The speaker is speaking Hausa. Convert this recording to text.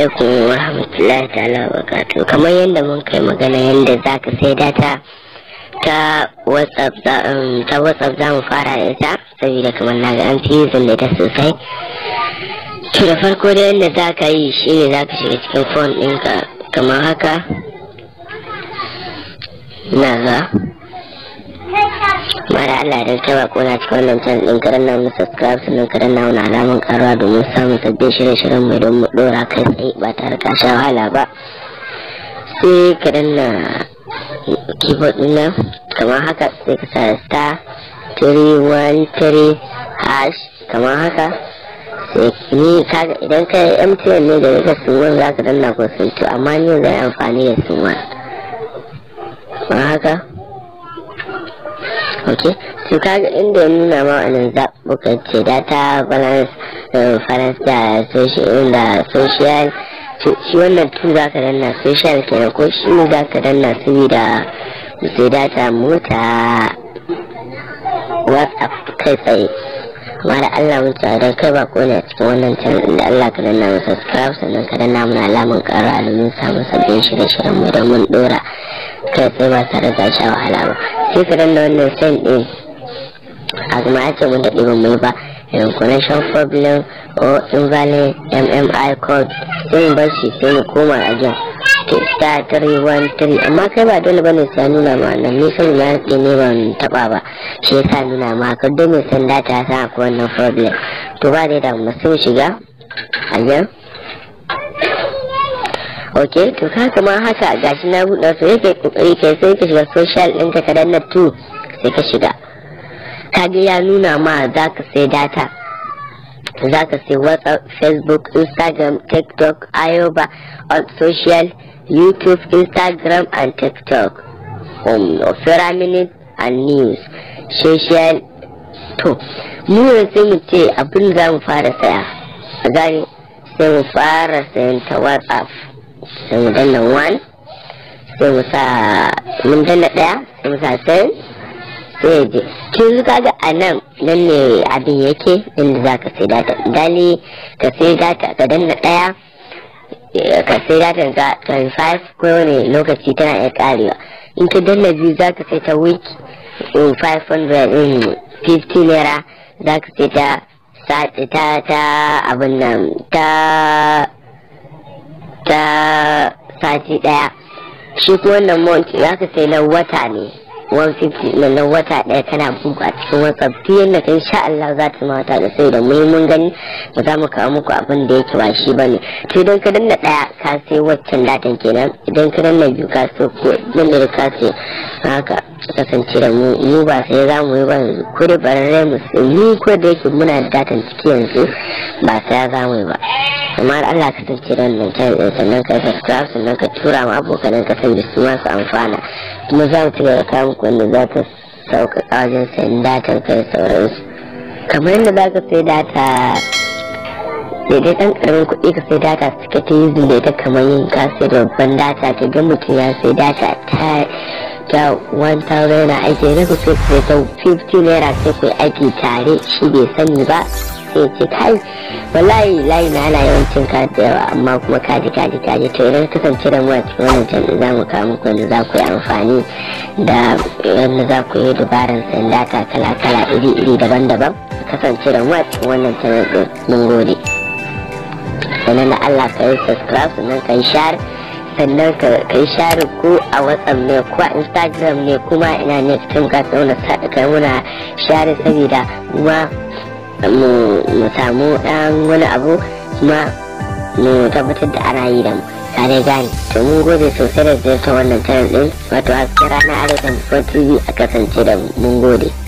alaikum wa rahmatullahi ta'ala wa barakatuh kamar yadda mun kai magana yadda za ka sai data ta whatsapp um, ta whatsapp za mu fara da ita saboda kamar na ga an fi yuzin da ta sosai to da farko da yadda za ka yi shine za ka shiga cikin phone ɗinka kamar haka na za mara Allah da kai bako na cikin wannan can din karan na mu subscribe sannan karan na wani alamun karuwa domin samun sabbin shirye-shiryen mai don mu dora kai tsaye ba tare ka sha wahala ba sai karan na keyboard din nan kamar haka sai ka sa star 313 hash kamar haka sai ni kaga idan ka yi MTN ne da ka suman za ka danna ko sun amma ni zai amfani da suman kamar haka okay to kaga inda ya nuna ma wani zaɓuka ce data balance eh, da social da social shi wannan tu za ka danna social kenan ko shi ne za ka danna su saboda sai data mota whatsapp kai tsaye amma da Allah mun don kai ba kone a cikin wannan can da Allah ka danna mu subscribe sannan ka danna mun alamun ƙara alamun samun sabbin shirye-shiryen mu don mun dora kai ba tare da sha wahala ba sai ka danna wannan sen din a kuma ake mun da ba mai ba connection problem or invalid mmi code sun ba bar shi sai mu koma a jan ke star 313 amma kai ba dole bane sai nuna ma nan ni sai na rike ne ban taba ba shi yasa nuna ma ka dole san data ta sa akwai wannan problem to ba dai da mu sun shiga a jan ok to ka ma haka gashi na buɗe to yake kokari kai sai ka shiga social ɗinka ka na tu sai ka shiga kage ya nuna ma za ka sai data za ka sai whatsapp facebook instagram tiktok ayoba on social youtube instagram and tiktok um, minute and news social to mu sai mu ce abin za fara saya gani sai mu fara sayan ta whatsapp sai mu danna one sai mu sa mun danna ɗaya sai mu sa sai sai ya je kin kaga a nan nan ne abin yake inda za ka sai data dali ka sai data ka danna ɗaya ka sai datan ka 25 wani lokaci tana iya karewa in ka danna biyu za ka sai ta week 550 naira za ka sai ta ta ta abin nan ta ta sati daya shi ko wannan mount ya ka sai na wata ne 150 na wata daya kana bugu a cikin whatsapp duk yadda ta insha Allah za ta mata da sai da mai mun gani ba za mu kawo muku abin da yake ba shi sai to idan ka danna daya ka sai waccan datan kenan idan ka danna biyu ka sai ko danna ka sai haka kasance da mu mu ba sai za mu yi ba yanzu ko da bararren musulmi ko da yake muna da datan ciki yanzu ba sai za mu yi ba kamar Allah ka kasance da wannan yi din sannan ka subscribe sannan ka tura ma abokanan ka san da su ma su amfana kuma za mu cigaba gaba kawo muku wanda za ta sauƙaƙa wajen sayan datar ka da sauransu kamar yadda za ka sai data daidai ɗan ƙaramin kuɗi ka sai data suka ta yi zunda ita kamar yin ka sai babban data ta ga mutum ya sai data ta ta 1000 naira aiki na ku sai ta 50 naira sai ku aiki tare shi bai sani ba sai ce kai wallahi layi na ana yawancin ka da yawa amma kuma kaji kaji kaji to idan kasance da mu a cikin wannan can za mu kawo muku wanda za ku yi amfani da yadda za ku yi dubaran sanda kala kala iri iri daban daban kasance da mu a cikin wannan canji din mun gode sannan da Allah ka yi subscribe sannan ka yi share sannan ka yi share ko a whatsapp ne ko a instagram ne kuma ina ne cikin ka tsauna kai muna share saboda kuma mu samu ɗan wani abu kuma mu tabbatar da ana yi da mu ka dai gane to mun gode sosai da ziyartar wannan tarin din wato hasken rana arewa ko tv a kasance da mun gode